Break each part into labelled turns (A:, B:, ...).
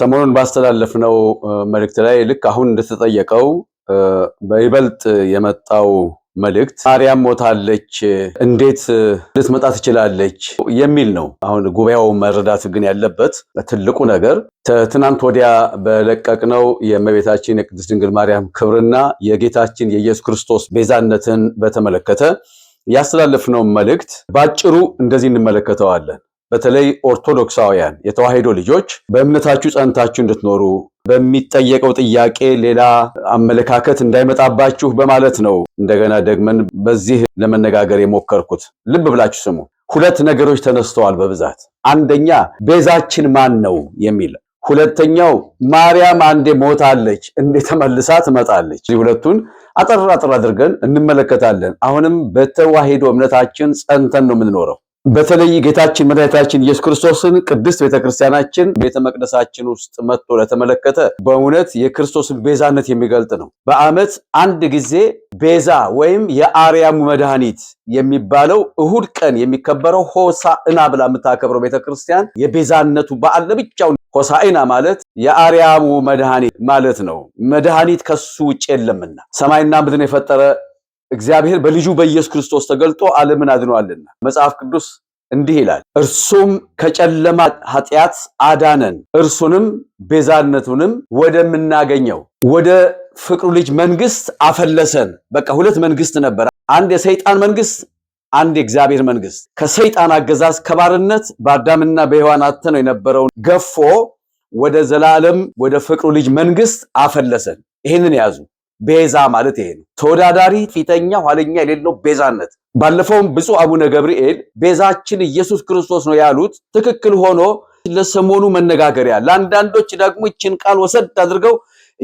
A: ሰሞኑን ባስተላለፍነው መልእክት ላይ ልክ አሁን እንደተጠየቀው በይበልጥ የመጣው መልእክት ማርያም ሞታለች፣ እንዴት ልትመጣ ትችላለች የሚል ነው። አሁን ጉባኤው መረዳት ግን ያለበት ትልቁ ነገር ትናንት ወዲያ በለቀቅነው የእመቤታችን የቅድስት ድንግል ማርያም ክብርና የጌታችን የኢየሱስ ክርስቶስ ቤዛነትን በተመለከተ ያስተላለፍነው መልእክት ባጭሩ እንደዚህ እንመለከተዋለን። በተለይ ኦርቶዶክሳውያን የተዋሕዶ ልጆች በእምነታችሁ ጸንታችሁ እንድትኖሩ በሚጠየቀው ጥያቄ ሌላ አመለካከት እንዳይመጣባችሁ በማለት ነው። እንደገና ደግመን በዚህ ለመነጋገር የሞከርኩት። ልብ ብላችሁ ስሙ። ሁለት ነገሮች ተነስተዋል በብዛት አንደኛ ቤዛችን ማን ነው የሚል ሁለተኛው ማርያም አንዴ ሞታለች እንዴ ተመልሳ ትመጣለች። ሁለቱን አጠር አጠር አድርገን እንመለከታለን። አሁንም በተዋሕዶ እምነታችን ጸንተን ነው የምንኖረው። በተለይ ጌታችን መድኃኒታችን ኢየሱስ ክርስቶስን ቅድስት ቤተክርስቲያናችን ቤተ መቅደሳችን ውስጥ መጥቶ ለተመለከተ በእውነት የክርስቶስን ቤዛነት የሚገልጥ ነው። በዓመት አንድ ጊዜ ቤዛ ወይም የአርያሙ መድኃኒት የሚባለው እሁድ ቀን የሚከበረው ሆሳዕና ብላ የምታከብረው ቤተክርስቲያን የቤዛነቱ በዓል ለብቻው ሆሳዕና ማለት የአርያሙ መድኃኒት ማለት ነው። መድኃኒት ከሱ ውጭ የለምና ሰማይና ምድርን የፈጠረ እግዚአብሔር በልጁ በኢየሱስ ክርስቶስ ተገልጦ ዓለምን አድኗልና መጽሐፍ ቅዱስ እንዲህ ይላል፣ እርሱም ከጨለማ ኃጢአት አዳነን እርሱንም ቤዛነቱንም ወደምናገኘው ወደ ፍቅሩ ልጅ መንግስት አፈለሰን። በቃ ሁለት መንግስት ነበር፣ አንድ የሰይጣን መንግስት፣ አንድ የእግዚአብሔር መንግስት። ከሰይጣን አገዛዝ ከባርነት በአዳምና በሔዋን አተነው የነበረውን ገፎ ወደ ዘላለም ወደ ፍቅሩ ልጅ መንግስት አፈለሰን። ይህንን ያዙ። ቤዛ ማለት ይሄ ነው። ተወዳዳሪ ፊተኛ ኋለኛ የሌለው ቤዛነት። ባለፈውም ብፁዕ አቡነ ገብርኤል ቤዛችን ኢየሱስ ክርስቶስ ነው ያሉት ትክክል ሆኖ ለሰሞኑ መነጋገሪያ፣ ለአንዳንዶች ደግሞ ይችን ቃል ወሰድ አድርገው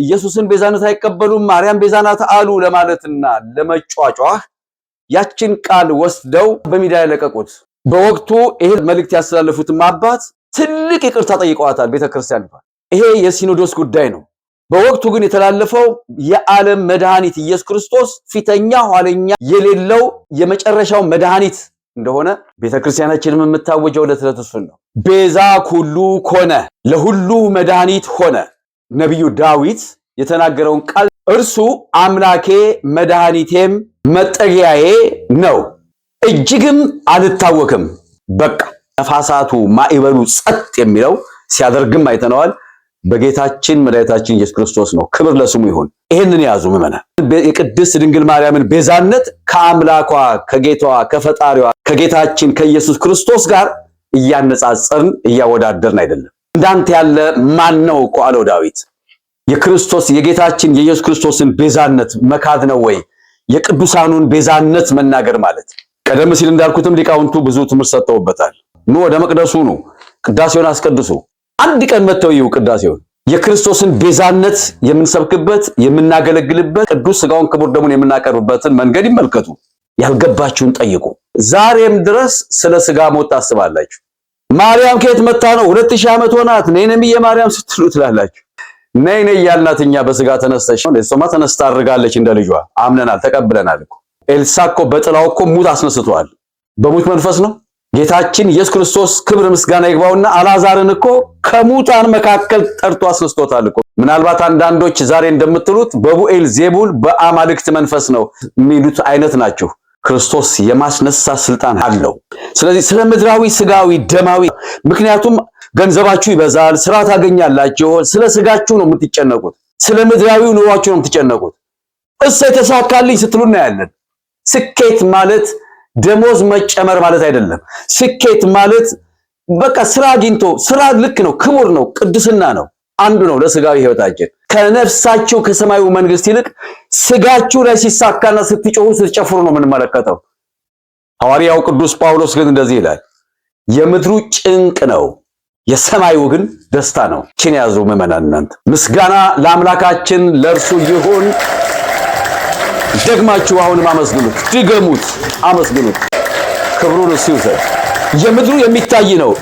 A: ኢየሱስን ቤዛነት አይቀበሉም ማርያም ቤዛናት አሉ ለማለትና ለመጯጫህ ያችን ቃል ወስደው በሚዲያ ያለቀቁት። በወቅቱ ይሄ መልእክት ያስተላለፉትም አባት ትልቅ ይቅርታ ጠይቀዋታል ቤተክርስቲያን። ይሄ የሲኖዶስ ጉዳይ ነው። በወቅቱ ግን የተላለፈው የዓለም መድኃኒት ኢየሱስ ክርስቶስ ፊተኛ ኋለኛ የሌለው የመጨረሻው መድኃኒት እንደሆነ ቤተክርስቲያናችንም የምታወጀው ዕለት ዕለት እሱን ነው። ቤዛ ኩሉ ኮነ፣ ለሁሉ መድኃኒት ሆነ። ነቢዩ ዳዊት የተናገረውን ቃል እርሱ አምላኬ መድኃኒቴም መጠጊያዬ ነው፣ እጅግም አልታወክም። በቃ ነፋሳቱ ማዕበሉ ጸጥ የሚለው ሲያደርግም አይተነዋል። በጌታችን መድኃኒታችን ኢየሱስ ክርስቶስ ነው። ክብር ለስሙ ይሁን። ይህንን ያዙ ምዕመናን የቅድስት ድንግል ማርያምን ቤዛነት ከአምላኳ ከጌታዋ ከፈጣሪዋ ከጌታችን ከኢየሱስ ክርስቶስ ጋር እያነጻጸርን እያወዳደርን አይደለም። እንዳንተ ያለ ማን ነው እኮ አለው ዳዊት። የክርስቶስ የጌታችን የኢየሱስ ክርስቶስን ቤዛነት መካድ ነው ወይ? የቅዱሳኑን ቤዛነት መናገር ማለት ቀደም ሲል እንዳልኩትም ሊቃውንቱ ብዙ ትምህርት ሰጥተውበታል። ኑ ወደ መቅደሱ ኑ፣ ቅዳሴውን አስቀድሱ፣ አንድ ቀን መጥተው ይው ቅዳሴውን የክርስቶስን ቤዛነት የምንሰብክበት የምናገለግልበት ቅዱስ ስጋውን ክቡር ደሙን የምናቀርብበትን መንገድ ይመልከቱ። ያልገባችሁን ጠይቁ። ዛሬም ድረስ ስለ ስጋ ሞት ታስባላችሁ። ማርያም ከየት መታ ነው? ሁለት ሺህ ዓመት ሆናት። ነይነም የማርያም ስትሉ ትላላችሁ። ነይ ነይ ያልናት እኛ በስጋ ተነስተሽ ተነስታ አድርጋለች። እንደ ልጇ አምነናል፣ ተቀብለናል ኤልሳ እኮ በጥላው እኮ ሙት አስነስተዋል። በሙት መንፈስ ነው ጌታችን ኢየሱስ ክርስቶስ ክብር ምስጋና ይግባውና አላዛርን እኮ ከሙታን መካከል ጠርቶ አስነስቶታል እኮ። ምናልባት አንዳንዶች ዛሬ እንደምትሉት በቡኤል ዜቡል በአማልክት መንፈስ ነው የሚሉት አይነት ናቸው። ክርስቶስ የማስነሳ ስልጣን አለው። ስለዚህ ስለ ምድራዊ ስጋዊ ደማዊ ምክንያቱም ገንዘባችሁ ይበዛል፣ ስራ ታገኛላችሁ። ስለ ስጋችሁ ነው የምትጨነቁት፣ ስለ ምድራዊ ኑሯችሁ ነው የምትጨነቁት። እሰ የተሳካልኝ ስትሉ እናያለን። ስኬት ማለት ደሞዝ መጨመር ማለት አይደለም። ስኬት ማለት በቃ ስራ አግኝቶ ስራ ልክ ነው፣ ክቡር ነው፣ ቅዱስና ነው፣ አንዱ ነው ለስጋዊ ህይወታችን። ከነፍሳችሁ ከሰማዩ መንግስት ይልቅ ስጋችሁ ላይ ሲሳካና ስትጮሁ ስትጨፍሩ ነው የምንመለከተው። ሐዋርያው ቅዱስ ጳውሎስ ግን እንደዚህ ይላል፣ የምድሩ ጭንቅ ነው የሰማዩ ግን ደስታ ነው። ችን ያዙ ምዕመናን፣ እናንተ ምስጋና ለአምላካችን ለእርሱ ይሁን። ደግማችሁ አሁንም አመስግኑት፣ ድገሙት፣ አመስግኑት። ክብሩን እሱ ይውሰድ። የምድሩ የሚታይ ነው፣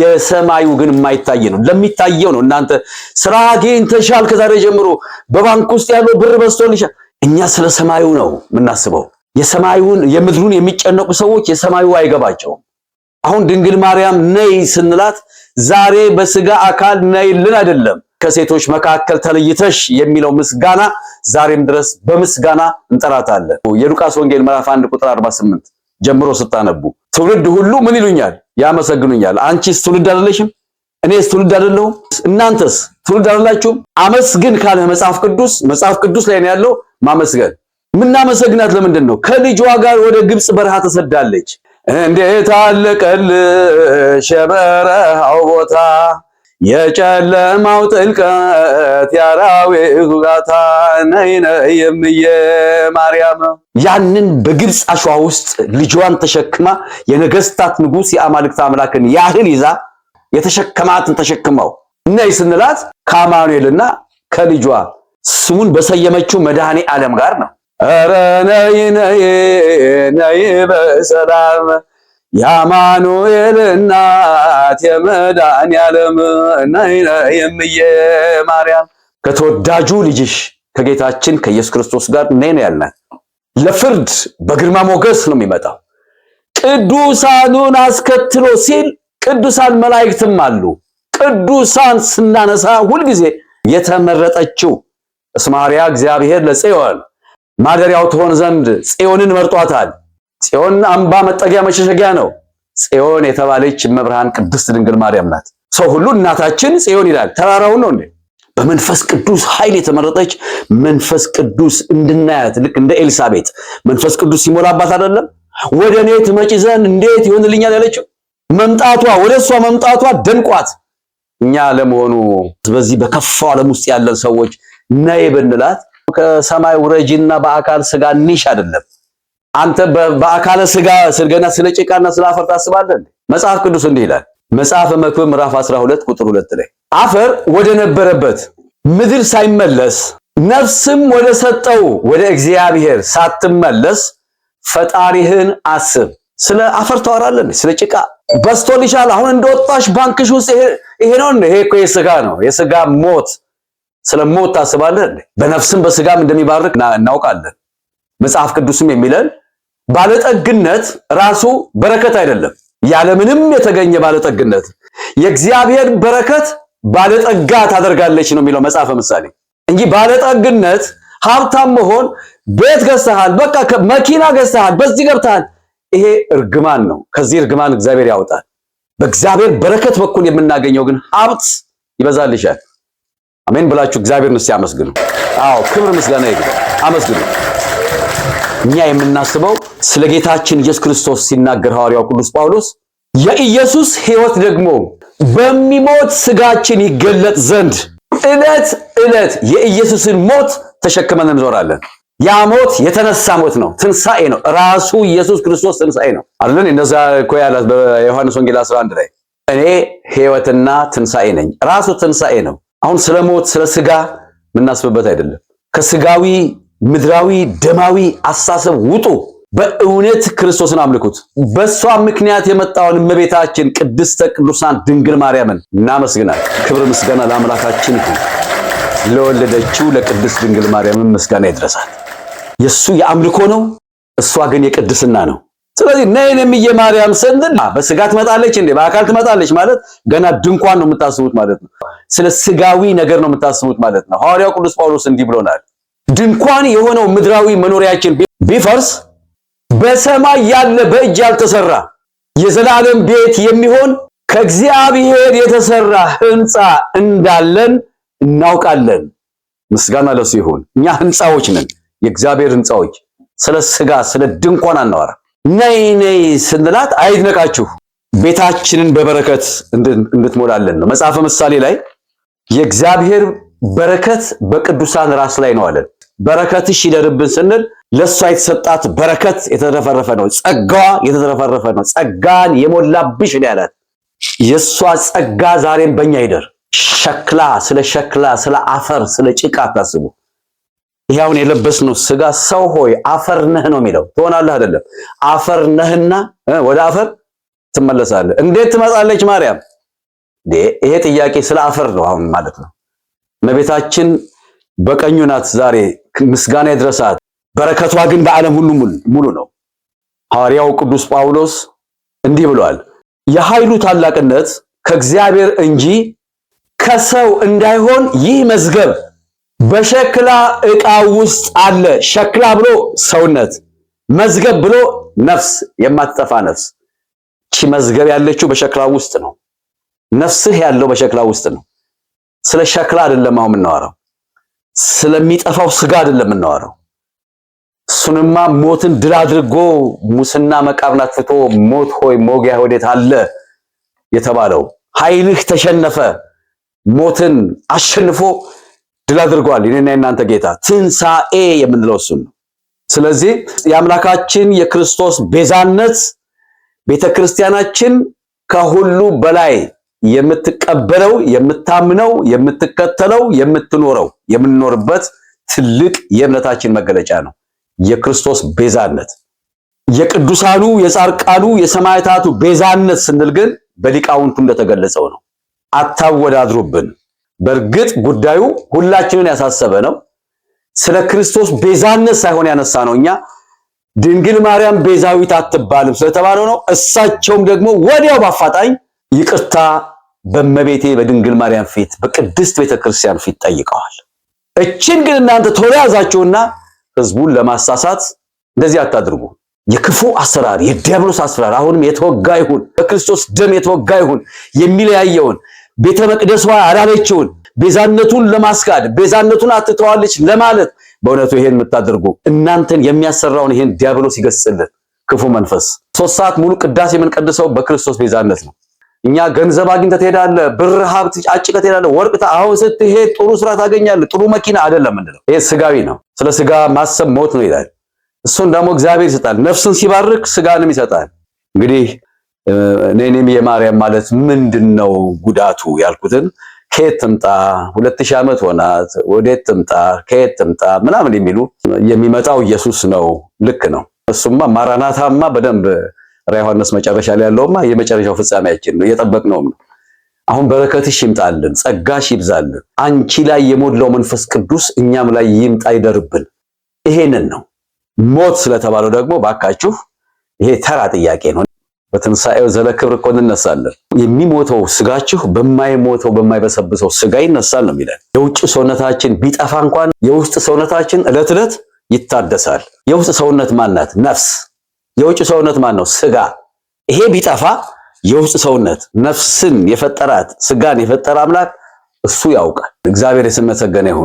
A: የሰማዩ ግን የማይታይ ነው። ለሚታየው ነው እናንተ ስራ አግኝተሻል፣ ከዛሬ ጀምሮ በባንክ ውስጥ ያለው ብር በዝቶልሻል። እኛ ስለ ሰማዩ ነው የምናስበው። የሰማዩን የምድሩን የሚጨነቁ ሰዎች የሰማዩ አይገባቸውም። አሁን ድንግል ማርያም ነይ ስንላት ዛሬ በስጋ አካል ነይልን አይደለም ከሴቶች መካከል ተለይተሽ የሚለው ምስጋና ዛሬም ድረስ በምስጋና እንጠራታለን። የሉቃስ ወንጌል ምዕራፍ 1 ቁጥር 48 ጀምሮ ስታነቡ ትውልድ ሁሉ ምን ይሉኛል? ያመሰግኑኛል። አንቺስ ትውልድ አይደለሽም? እኔስ ትውልድ አይደለሁም? እናንተስ ትውልድ አይደላችሁም? አመስግን ካለ መጽሐፍ ቅዱስ መጽሐፍ ቅዱስ ላይ ነው ያለው ማመስገን። ምናመሰግናት ለምንድን ነው? ከልጇ ጋር ወደ ግብፅ በረሃ ተሰዳለች። እንዴት አለቀልሽ የበረሃው ቦታ የጨለማው ጥልቀት የአራዊት ጋታ ነይ የምዬ ማርያም ያንን በግብፅ አሸዋ ውስጥ ልጇን ተሸክማ የነገስታት ንጉሥ የአማልክት አምላክን ያህል ይዛ የተሸከማትን ተሸክመው እነይ ስንላት ከአማኑኤልና ከልጇ ስሙን በሰየመችው መድኃኔ ዓለም ጋር ነው። ኧረ ነይ ነይ ነይ በሰላም የአማኑኤል እናት የመዳን ያለም ናይነ የምየ ማርያም ከተወዳጁ ልጅሽ ከጌታችን ከኢየሱስ ክርስቶስ ጋር ነይ ነው ያልናት። ለፍርድ በግርማ ሞገስ ነው የሚመጣው። ቅዱሳኑን አስከትሎ ሲል ቅዱሳን መላእክትም አሉ። ቅዱሳን ስናነሳ ሁልጊዜ የተመረጠችው እስማርያ እግዚአብሔር ለጽዮን ማደሪያው ትሆን ዘንድ ጽዮንን መርጧታል። ጽዮን አምባ መጠጊያ መሸሸጊያ ነው። ጽዮን የተባለች እመብርሃን ቅድስት ድንግል ማርያም ናት። ሰው ሁሉ እናታችን ጽዮን ይላል። ተራራውን ነው እንዴ? በመንፈስ ቅዱስ ኃይል የተመረጠች መንፈስ ቅዱስ እንድናያት ልክ እንደ ኤልሳቤት መንፈስ ቅዱስ ሲሞላባት አይደለም ወደ እኔ ትመጪ ዘንድ እንዴት ይሆንልኛል ያለችው። መምጣቷ ወደ እሷ መምጣቷ ደንቋት እኛ ለመሆኑ በዚህ በከፋው ዓለም ውስጥ ያለን ሰዎች ነይ ብንላት ከሰማይ ውረጂና በአካል ስጋ ኒሽ አይደለም አንተ በአካለ ስጋ ስርገና ስለ ጭቃና ስለ አፈር ታስባለህ? መጽሐፍ ቅዱስ እንዲህ ይላል። መጽሐፈ መክብብ ምዕራፍ 12 ቁጥር 2 ላይ አፈር ወደ ነበረበት ምድር ሳይመለስ ነፍስም ወደ ሰጠው ወደ እግዚአብሔር ሳትመለስ ፈጣሪህን አስብ። ስለ አፈር ታወራለህ? ስለ ጭቃ በስቶልሻል። አሁን እንደወጣሽ ባንክሽ ውስጥ ይሄ ነው። ይሄ እኮ የስጋ ነው፣ የስጋ ሞት። ስለ ሞት ታስባለህ? በነፍስም በስጋም እንደሚባርክ እናውቃለን። መጽሐፍ ቅዱስም የሚለን ባለጠግነት ራሱ በረከት አይደለም። ያለምንም የተገኘ ባለጠግነት የእግዚአብሔር በረከት ባለጠጋ ታደርጋለች ነው የሚለው መጽሐፈ ምሳሌ እንጂ ባለጠግነት ሀብታም መሆን ቤት ገዝተሃል፣ በቃ መኪና ገዝተሃል፣ በዚህ ገብተሃል፣ ይሄ እርግማን ነው። ከዚህ እርግማን እግዚአብሔር ያወጣል። በእግዚአብሔር በረከት በኩል የምናገኘው ግን ሀብት ይበዛልሻል። አሜን ብላችሁ እግዚአብሔርን እስቲ አመስግኑ። አዎ ክብር ምስጋና ይግባ። አመስግኑ። እኛ የምናስበው ስለ ጌታችን ኢየሱስ ክርስቶስ ሲናገር ሐዋርያው ቅዱስ ጳውሎስ የኢየሱስ ሕይወት ደግሞ በሚሞት ስጋችን ይገለጥ ዘንድ ዕለት ዕለት የኢየሱስን ሞት ተሸክመን እንዞራለን። ያ ሞት የተነሳ ሞት ነው፣ ትንሣኤ ነው። ራሱ ኢየሱስ ክርስቶስ ትንሣኤ ነው አለን። እንደዛ እኮ ያላት በዮሐንስ ወንጌል 11 ላይ እኔ ሕይወትና ትንሣኤ ነኝ። ራሱ ትንሣኤ ነው። አሁን ስለ ሞት ስለ ስጋ የምናስብበት አይደለም። ከስጋዊ ምድራዊ ደማዊ አሳሰብ ውጡ። በእውነት ክርስቶስን አምልኩት። በእሷ ምክንያት የመጣውን እመቤታችን ቅድስተ ቅዱሳን ድንግል ማርያምን እናመስግናል። ክብር ምስጋና ለአምላካችን ይሁን። ለወለደችው ለቅድስት ድንግል ማርያምን ምስጋና ይድረሳል። የእሱ የአምልኮ ነው፣ እሷ ግን የቅድስና ነው። ስለዚህ ነይን የሚየ ማርያም ስንል በስጋ ትመጣለች እንዴ? በአካል ትመጣለች ማለት ገና ድንኳን ነው የምታስቡት ማለት ነው። ስለ ስጋዊ ነገር ነው የምታስቡት ማለት ነው። ሐዋርያው ቅዱስ ጳውሎስ እንዲህ ብሎናል ድንኳን የሆነው ምድራዊ መኖሪያችን ቢፈርስ በሰማይ ያለ በእጅ ያልተሰራ የዘላለም ቤት የሚሆን ከእግዚአብሔር የተሰራ ህንፃ እንዳለን እናውቃለን። ምስጋና ለሱ ይሁን። እኛ ህንፃዎች ነን፣ የእግዚአብሔር ህንፃዎች። ስለ ስጋ ስለ ድንኳን አናወራ። ነይ ነይ ስንላት አይድነቃችሁ፣ ቤታችንን በበረከት እንድትሞላለን ነው። መጽሐፈ ምሳሌ ላይ የእግዚአብሔር በረከት በቅዱሳን ራስ ላይ ነው አለን። በረከትሽ ይደርብን ስንል ለእሷ የተሰጣት በረከት የተረፈረፈ ነው። ጸጋዋ የተረፈረፈ ነው። ጸጋን የሞላብሽ ነው ያላት። የእሷ ጸጋ ዛሬም በእኛ ይደር። ሸክላ ስለ ሸክላ ስለ አፈር ስለ ጭቃ አታስቡ። ይሄውን የለበስነው ስጋ ሰው ሆይ አፈር ነህ ነው የሚለው። ትሆናለህ አይደለም አፈር ነህና ወደ አፈር ትመለሳለህ። እንዴት ትመጣለች ማርያም? ይሄ ጥያቄ ስለ አፈር ነው አሁን ማለት ነው። እመቤታችን በቀኙ ናት ዛሬ ምስጋና ይድረሳት። በረከቷ ግን በዓለም ሁሉ ሙሉ ነው። ሐዋርያው ቅዱስ ጳውሎስ እንዲህ ብሏል፣ የኃይሉ ታላቅነት ከእግዚአብሔር እንጂ ከሰው እንዳይሆን ይህ መዝገብ በሸክላ ዕቃ ውስጥ አለ። ሸክላ ብሎ ሰውነት፣ መዝገብ ብሎ ነፍስ፣ የማትጠፋ ነፍስ። ቺ መዝገብ ያለችው በሸክላ ውስጥ ነው። ነፍስህ ያለው በሸክላ ውስጥ ነው። ስለ ሸክላ አይደለም አሁን የምናወራው። ስለሚጠፋው ስጋ አይደለም የምናወራው። እሱንማ ሞትን ድል አድርጎ ሙስና መቃብና አትፍቶ ሞት ሆይ ሞጊያ ወዴት አለ የተባለው ኃይልህ ተሸነፈ ሞትን አሸንፎ ድል አድርጓል። የኔና የናንተ ጌታ ትንሣኤ የምንለው እሱን ነው። ስለዚህ የአምላካችን የክርስቶስ ቤዛነት ቤተክርስቲያናችን ከሁሉ በላይ የምትቀበለው የምታምነው የምትከተለው የምትኖረው የምንኖርበት ትልቅ የእምነታችን መገለጫ ነው። የክርስቶስ ቤዛነት የቅዱሳኑ የጻርቃኑ የሰማዕታቱ ቤዛነት ስንል ግን በሊቃውንቱ እንደተገለጸው ነው። አታወዳድሩብን። በእርግጥ ጉዳዩ ሁላችንን ያሳሰበ ነው። ስለ ክርስቶስ ቤዛነት ሳይሆን ያነሳ ነው። እኛ ድንግል ማርያም ቤዛዊት አትባልም ስለተባለው ነው። እሳቸውም ደግሞ ወዲያው በአፋጣኝ ይቅርታ በመቤቴ በድንግል ማርያም ፊት በቅድስት ቤተ ክርስቲያን ፊት ጠይቀዋል። እችን ግን እናንተ ቶሎ ያዛችሁና ህዝቡን ለማሳሳት እንደዚህ አታድርጉ። የክፉ አሰራር የዲያብሎስ አሰራር አሁንም የተወጋ ይሁን፣ በክርስቶስ ደም የተወጋ ይሁን። የሚለያየውን ቤተ መቅደሷ ያላለችውን ቤዛነቱን ለማስካድ ቤዛነቱን አትተዋለች ለማለት በእውነቱ ይሄን የምታደርጉ እናንተን የሚያሰራውን ይሄን ዲያብሎስ ይገስጽልን ክፉ መንፈስ። ሶስት ሰዓት ሙሉ ቅዳሴ የምንቀድሰው በክርስቶስ ቤዛነት ነው። እኛ ገንዘብ አግኝተህ ትሄዳለህ፣ ብር ሀብት አጭቀህ ትሄዳለህ፣ ወርቅ አሁን ስትሄድ ጥሩ ስራ ታገኛለህ፣ ጥሩ መኪና አይደለም ምንድነው ይሄ? ስጋዊ ነው። ስለ ስጋ ማሰብ ሞት ነው ይላል። እሱን ደግሞ እግዚአብሔር ይሰጣል። ነፍስን ሲባርክ ስጋንም ይሰጣል። እንግዲህ እኔም የማርያም ማለት ምንድን ነው ጉዳቱ ያልኩትን ከየት ትምጣ፣ ሁለት ሺህ ዓመት ሆናት፣ ወዴት ትምጣ፣ ከየት ትምጣ ምናምን የሚሉ የሚመጣው ኢየሱስ ነው። ልክ ነው። እሱማ ማራናታማ በደንብ ራ ዮሐንስ መጨረሻ ላይ ያለውማ የመጨረሻው ፍጻሜያችን ነው፣ እየጠበቅነውም ነው። አሁን በረከትሽ ይምጣልን፣ ጸጋሽ ይብዛልን፣ አንቺ ላይ የሞላው መንፈስ ቅዱስ እኛም ላይ ይምጣ ይደርብን። ይሄንን ነው ሞት ስለተባለው ደግሞ ባካችሁ ይሄ ተራ ጥያቄ ነው። በትንሣኤው ዘለ ክብር እኮ እንነሳለን። የሚሞተው ስጋችሁ በማይሞተው በማይበሰብሰው ስጋ ይነሳል ነው የሚለን። የውጭ ሰውነታችን ቢጠፋ እንኳን የውስጥ ሰውነታችን ዕለት ዕለት ይታደሳል። የውስጥ ሰውነት ማናት? ነፍስ የውጭ ሰውነት ማን ነው? ስጋ። ይሄ ቢጠፋ የውጭ ሰውነት ነፍስን የፈጠራት ስጋን የፈጠረ አምላክ እሱ ያውቃል። እግዚአብሔር የተመሰገነ ይሁን።